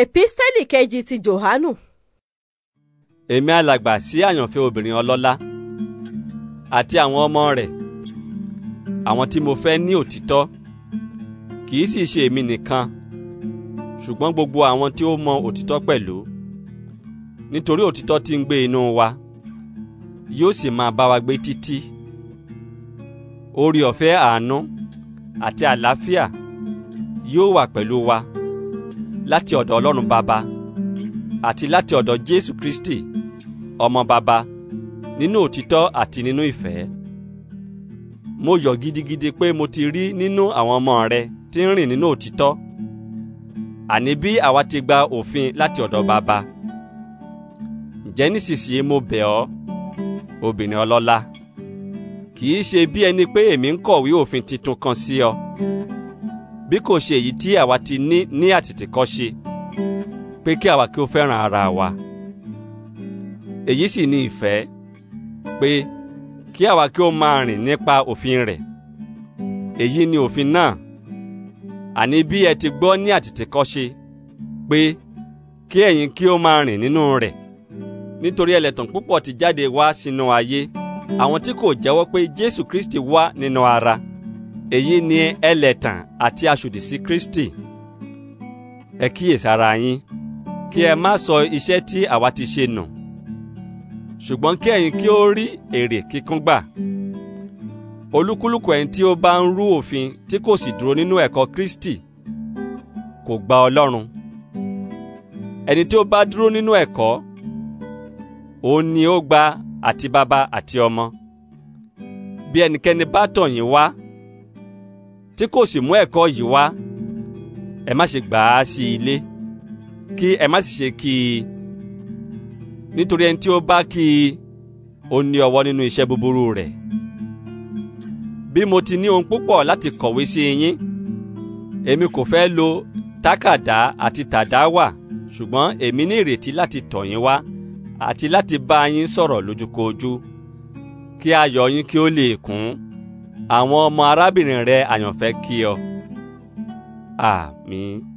èpísítẹ́lì kejì ti jòhánù. èmi alàgbà sí àyànfẹ́ obìnrin ọlọ́lá àti àwọn ọmọ rẹ̀ àwọn tí mo fẹ́ ní òtítọ́ kì í sì ṣe èmi nìkan ṣùgbọ́n gbogbo àwọn tí ó mọ òtítọ́ pẹ̀lú nítorí òtítọ́ tí ń gbé inú wa yóò sì máa bá wa gbé títí oore ọ̀fẹ́ àánú àti àlàáfíà yóò wà pẹ̀lú wa. Pẹ̀lú wa láti ọ̀dọ̀ ọlọ́run bàbá àti láti ọ̀dọ̀ jésù kristi ọmọ bàbá nínú òtítọ́ àti nínú ìfẹ́ mo yọ̀ gidigidi pé mo ti rí nínú àwọn ọmọ rẹ tí ń rìn nínú òtítọ́ àní bí àwa ti gba òfin láti ọ̀dọ̀ bàbá ǹjẹ́ nísinsìnyí mo bẹ̀ ọ́ obìnrin ọlọ́lá kì í ṣe bí ẹni pé èmi ń kọ̀wé òfin titun kan sí ọ bí kò ṣe èyí tí àwa ti ní ní àtìtìkọ́ṣe pé kí àwa kí ó fẹ́ràn ara wa èyí sì ni ìfẹ́ pé kí àwa kí ó máa rìn nípa òfin rẹ̀ èyí ni òfin náà àní bí ẹ ti gbọ́ ní àtìtìkọ́ṣe pé kí ẹ̀yin kí ó máa rìn nínú rẹ̀ nítorí ẹlẹ́tàn púpọ̀ ti jáde wá sínú ayé àwọn tí kò jẹ́wọ́ pé Jésù Kristi wá nínú ara èyí ni ẹlẹ́tàn àti aṣòdì sí Kristi ẹ kíyèsára yín kí ẹ má sọ iṣẹ́ tí àwa ti ṣe nù ṣùgbọ́n kí ẹ̀yin kí ó rí èrè kíkún gbà olúkúlùkù ẹni tí ó bá ń rú òfin tí kò sì dúró nínú ẹ̀kọ́ Kristi kò gba Ọlọ́run ẹni tí ó bá dúró nínú ẹ̀kọ́ òun ni ó gba àti bàbá àti ọmọ bí ẹnikẹ́ni bá tọ̀ wá tí kò sì mú ẹ̀kọ́ yìí wá ẹ má ṣe gbà á sí ilé kí ẹ má sì ṣe kì í nítorí ẹni tí ó bá kì í ó ní ọwọ́ nínú iṣẹ́ búburú rẹ̀ bí mo ti ní ohun púpọ̀ láti kọ̀wé sí yín èmi kò fẹ́ lo tákàdá àti tàdáwà ṣùgbọ́n èmi ní ìrètí láti tọ̀ yín wá àti láti bá yín sọ̀rọ̀ lójúkojú kí ayọ̀ yín kí ó lè kún àwọn ọmọ arábìnrin rẹ àyànfẹ́ kí ọ. àmín. Ah,